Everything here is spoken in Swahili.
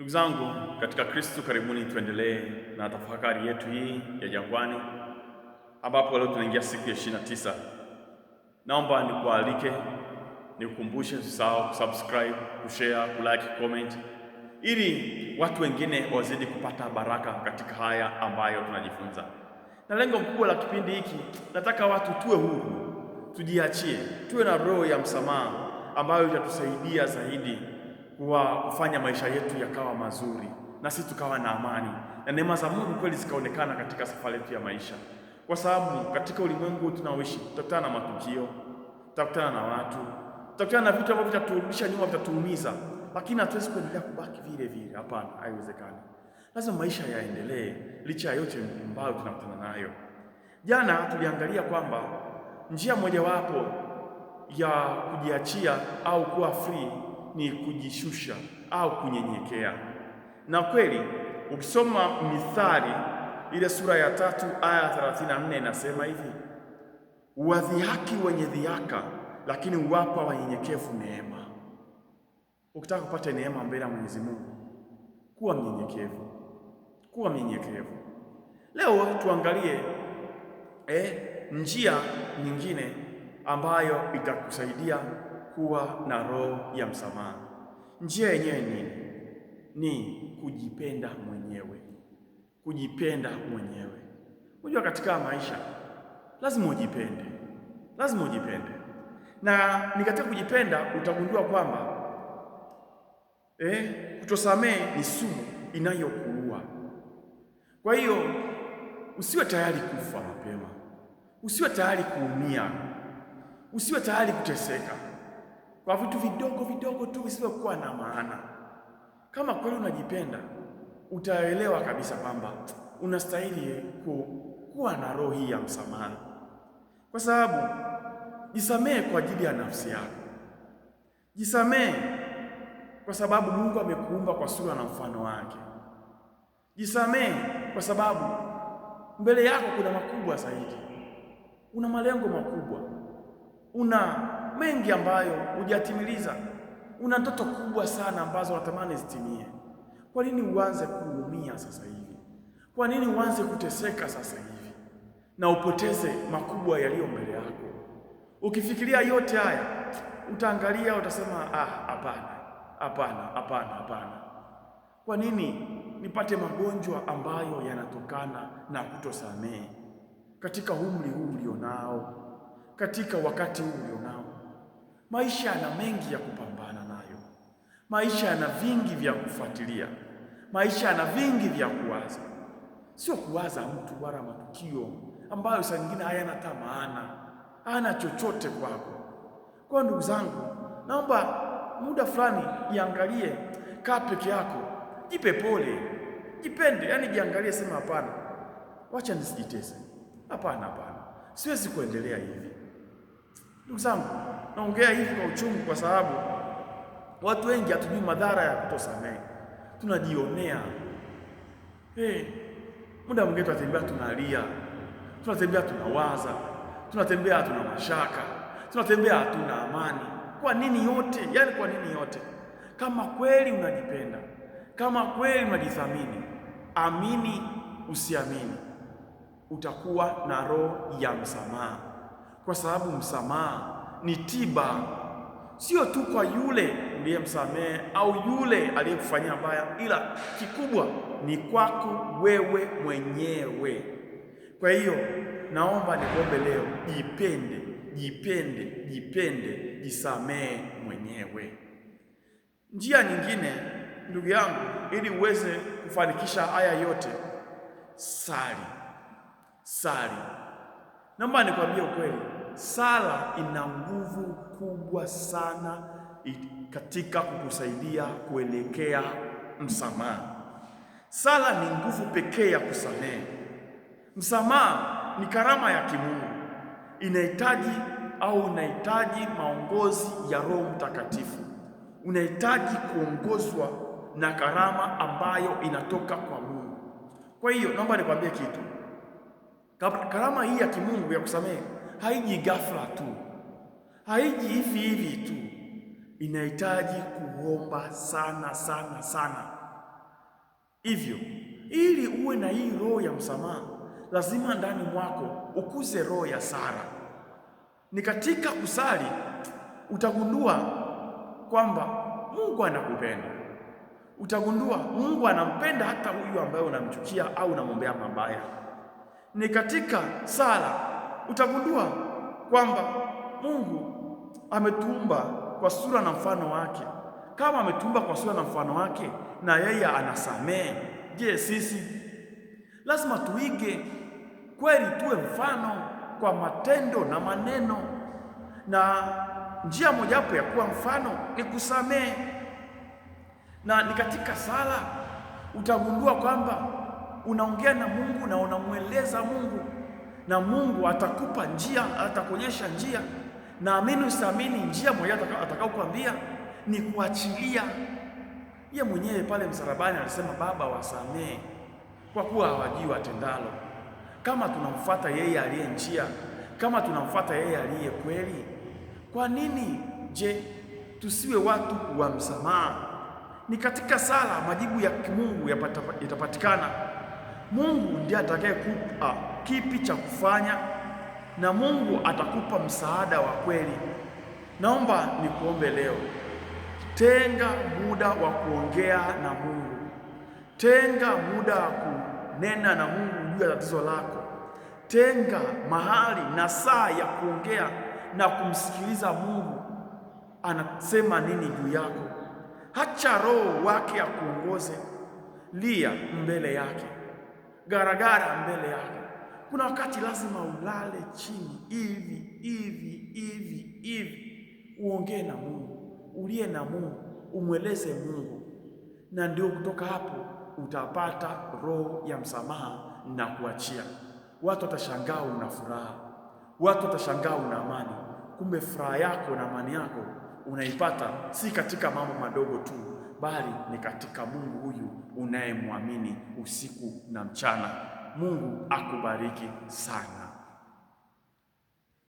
Ndugu zangu katika Kristo, karibuni tuendelee na tafakari yetu hii ya jangwani, ambapo leo tunaingia siku ya ishirini na tisa. Naomba nikualike, nikukumbushe usisahau kusubscribe, kushare, kulike, comment ili watu wengine wazidi kupata baraka katika haya ambayo tunajifunza. Na lengo kubwa la kipindi hiki, nataka watu tuwe huru, tujiachie, tuwe na roho ya msamaha ambayo itatusaidia zaidi wa kufanya maisha yetu yakawa mazuri na sisi tukawa na amani na neema za Mungu kweli zikaonekana katika safari yetu ya maisha, kwa sababu katika ulimwengu tunaoishi tutakutana na matukio, tutakutana na watu, tutakutana na vitu ambavyo vitaturudisha nyuma, vitatuumiza, lakini hatuwezi kuendelea kubaki vile vile. Hapana, haiwezekani. Lazima maisha yaendelee licha ya yote ambayo tunakutana nayo. Jana tuliangalia kwamba njia mojawapo ya kujiachia au kuwa free ni kujishusha au kunyenyekea. Na kweli ukisoma Mithali ile sura ya tatu aya 34 inasema hivi, wadhihaki wenye dhihaka, lakini uwapa wanyenyekevu neema. Ukitaka kupata neema mbele ya Mwenyezi Mungu, kuwa mnyenyekevu, kuwa mnyenyekevu. Leo tuangalie eh, njia nyingine ambayo itakusaidia kuwa na roho ya msamaha. Njia yenyewe nini? Ni kujipenda mwenyewe, kujipenda mwenyewe. Unajua, katika maisha lazima ujipende, lazima ujipende, na ni katika kujipenda utagundua kwamba eh, kutosamehe ni sumu inayokuua. Kwa hiyo usiwe tayari kufa mapema, usiwe tayari kuumia, usiwe tayari kuteseka kwa vitu vidogo vidogo tu visivyokuwa na maana. Kama kweli unajipenda, utaelewa kabisa kwamba unastahili ku, kuwa na roho hii ya msamaha, kwa sababu jisamehe kwa ajili ya nafsi yako. Jisamehe kwa sababu Mungu amekuumba kwa sura na mfano wake. Jisamehe kwa sababu mbele yako kuna makubwa zaidi, una malengo makubwa, una mengi ambayo hujatimiliza. Una ndoto kubwa sana ambazo unatamani zitimie. Kwa nini uanze kuumia sasa hivi? Kwa nini uanze kuteseka sasa hivi na upoteze makubwa yaliyo mbele yako? Ukifikiria yote haya, utaangalia utasema, ah, hapana, hapana, hapana, hapana. Kwa nini nipate magonjwa ambayo yanatokana na kutosamehe katika umri huu ulionao, katika wakati huu ulionao? Maisha yana mengi ya kupambana nayo, maisha yana vingi vya kufuatilia, maisha yana vingi vya kuwaza. Sio kuwaza mtu wala matukio ambayo saa nyingine hayana hata maana, hana chochote kwako. Kwa ndugu zangu, naomba muda fulani iangalie, kaa peke yako, jipe pole, jipende, yaani jiangalie, sema hapana, wacha nisijitese. Hapana, hapana, siwezi kuendelea hivi. Ndugu zangu Naongea hivi kwa uchungu kwa sababu watu wengi hatujui madhara ya kutosamehe, tunajionea. Hey, eh, muda mwingine tunatembea tunalia, tunatembea tunawaza, tunatembea hatuna mashaka, tunatembea hatuna amani. Kwa nini yote? Yaani kwa nini yote? Kama kweli unajipenda, kama kweli unajithamini, amini usiamini, utakuwa na roho ya msamaha, kwa sababu msamaha ni tiba, sio tu kwa yule uliyemsamehe au yule aliyekufanyia mbaya, ila kikubwa ni kwako wewe mwenyewe. Kwa hiyo naomba nikuombe leo, jipende, jipende, jipende, jisamehe mwenyewe. Njia nyingine ndugu yangu, ili uweze kufanikisha haya yote, sali, sali. Naomba nikwambie ukweli sala ina nguvu kubwa sana katika kukusaidia kuelekea msamaha. Sala ni nguvu pekee ya kusamehe. Msamaha ni karama ya kimungu, inahitaji au unahitaji maongozi ya Roho Mtakatifu. Unahitaji kuongozwa na karama ambayo inatoka kwa Mungu. Kwa hiyo naomba nikwambie kitu, karama hii ya kimungu ya kusamehe haiji ghafla tu, haiji hivi hivi tu, inahitaji kuomba sana sana sana. Hivyo ili uwe na hii roho ya msamaha, lazima ndani mwako ukuze roho ya sara. Ni katika kusali utagundua kwamba Mungu anakupenda utagundua Mungu anampenda hata huyu ambaye unamchukia au unamwombea mabaya. Ni katika sala utagundua kwamba Mungu ametuumba kwa sura na mfano wake. Kama ametuumba kwa sura na mfano wake na yeye anasamehe, je, sisi lazima tuige kweli, tuwe mfano kwa matendo na maneno, na njia mojawapo ya kuwa mfano ni kusamehe, na ni katika sala utagundua kwamba unaongea na Mungu na unamweleza Mungu na Mungu atakupa njia, atakuonyesha njia. Naamini usiamini, njia moja atakaokuambia ni kuachilia. Ye mwenyewe pale msalabani alisema, Baba wasamee kwa kuwa hawajui watendalo. Kama tunamfuata yeye aliye njia, kama tunamfuata yeye aliye kweli, kwa nini je tusiwe watu wa msamaha? Ni katika sala majibu ya kimungu yatapatikana. Mungu ndiye atakayekupa ah, kipi cha kufanya, na Mungu atakupa msaada wa kweli. Naomba nikuombe leo, tenga muda wa kuongea na Mungu, tenga muda wa kunena na Mungu juu ya tatizo lako, tenga mahali na saa ya kuongea na kumsikiliza Mungu anasema nini juu yako. Hacha Roho wake akuongoze, lia mbele yake, garagara mbele yake kuna wakati lazima ulale chini hivi hivi hivi hivi, uongee na Mungu, ulie na Mungu, umweleze Mungu, na ndio kutoka hapo utapata roho ya msamaha na kuachia. Watu watashangaa una furaha, watu watashangaa una amani. Kumbe furaha yako na amani yako unaipata si katika mambo madogo tu, bali ni katika Mungu huyu unayemwamini usiku na mchana. Mungu akubariki sana.